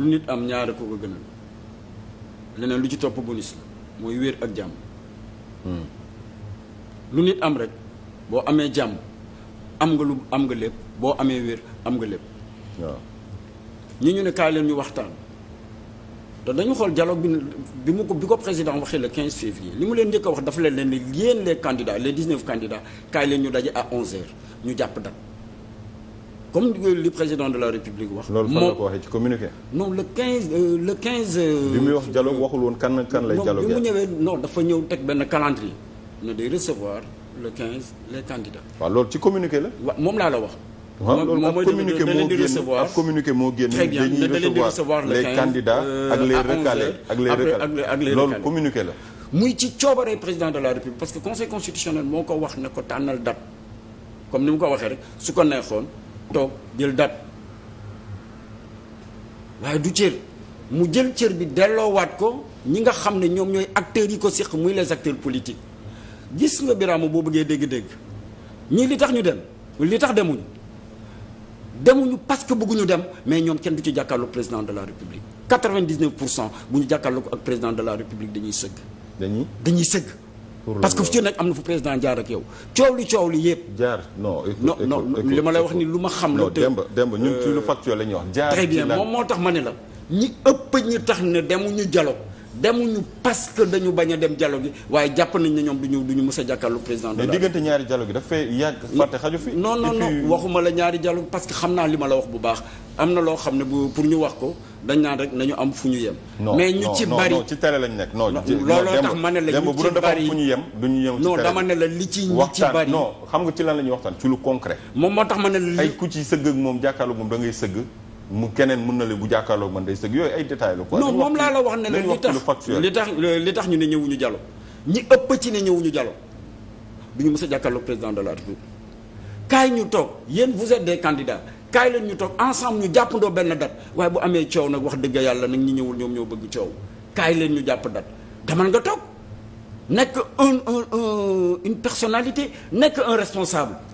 lu nit am ñaare ko ko gënal leneen lu ci topp bonus mooy wér ak jàmm hmm. lu nit am rek boo amee jàmm am nga lu am nga lépp boo amee wér am nga lépp waaw ñi ñu ne kaay leen ñu waxtaan te dañu xool dialogue bi bi mu ko bi ko président waxee le 15 février li mu leen njëkk wax dafa leen leen ne yéen les candidats les 19 candidats kaay leen ñu daje à 11h ñu jàpp date comme li président de la république wax. loolu fan la ko waxee ci communiqué. non le 15 euh, le 15. Euh, muy wax jaloo waxul woon kan kan lay. dialogue bi mu ñëwee non dafa ñëw teg benn calendrier. ne day recevoir le 15 les candidats. waaw loolu ci communiqué la. wa moom laa la wax. waaw loolu moom communiqué moo génn ab communiqué moo génn dañuy recevoir les candidats euh, ak les recalés communiqué la. muy ci coobare président de la république parce que conseil constitutionnel moo ko wax ne ko tànnal date comme ni mu ko waxee rek su ko neexoon. toog jël date waaye du cër mu jël cër bi delloo waat ko ñi nga xam ne ñoom ñooy acteurs yi ko séq muy les acteurs politiques gis nga Birama boo bëggee dégg-dégg ñii li tax ñu dem li tax demuñu demuñu parce que bëgguñu dem mais ñoom kenn du ci jàkkaarloo président de la république 99 pour cent bu ñu jàkkaarloo ko ak président de la république dañuy sëgg. dañuy sëgg. parce que fu ci nag am na fu président jaar ak yow coow li coow li yëpp. jaar non non non li ma lay wax ni lu ma xam la. te démb démb ñun ci lu euh, factuel la ñuy wax. jaar très bien moom moo tax ma ne la ñi ëpp ñi tax ne demuñu jalo demuñu parce que dañu bañ a dem jalo gi waaye jàpp nañ ne ñoom du ñu du ñu mës a jàkkaarlu président. de la ñaari dialogue gi dafay yàgg fàtte xaju fi. noonu non waxuma la ñaari jalo parce que xam naa li ma la wax bu baax am na loo xam ne bu pour ñu wax ko dañ naan rek nañu am fu ñu yem. mais ñu ci bari non ci nekk non. looloo tax ma ne la ñu ci bari fu yem du ñu yem ci télé non dama ci ñi ci bari. non xam nga ci lan la ñuy waxtaan ci lu concret. moom moo tax ma ne la li ay ku ci sëgg ak moom jàkkaarlu moom da ngay sëgg mu keneen mun na le bu jàkkaarloog man day sëg yooyu ay détails la. quoi non moom laa la wax ne la li tax li tax ñu ne ñëwuñu jalo ñi ëpp ci ne ñëwuñu jalo du ñu mës a jàkkaarloog président de la République kaay ñu toog yéen vous êtes des candidats kaay leen ñu toog ensemble ñu jàpp jàppandoo benn date waaye bu amee coow nag wax dëgg yàlla nag ñi ñëwul ñoom ñoo bëgg coow kaay leen ñu jàpp date demal nga toog nekk un un une personnalité nekk un responsable.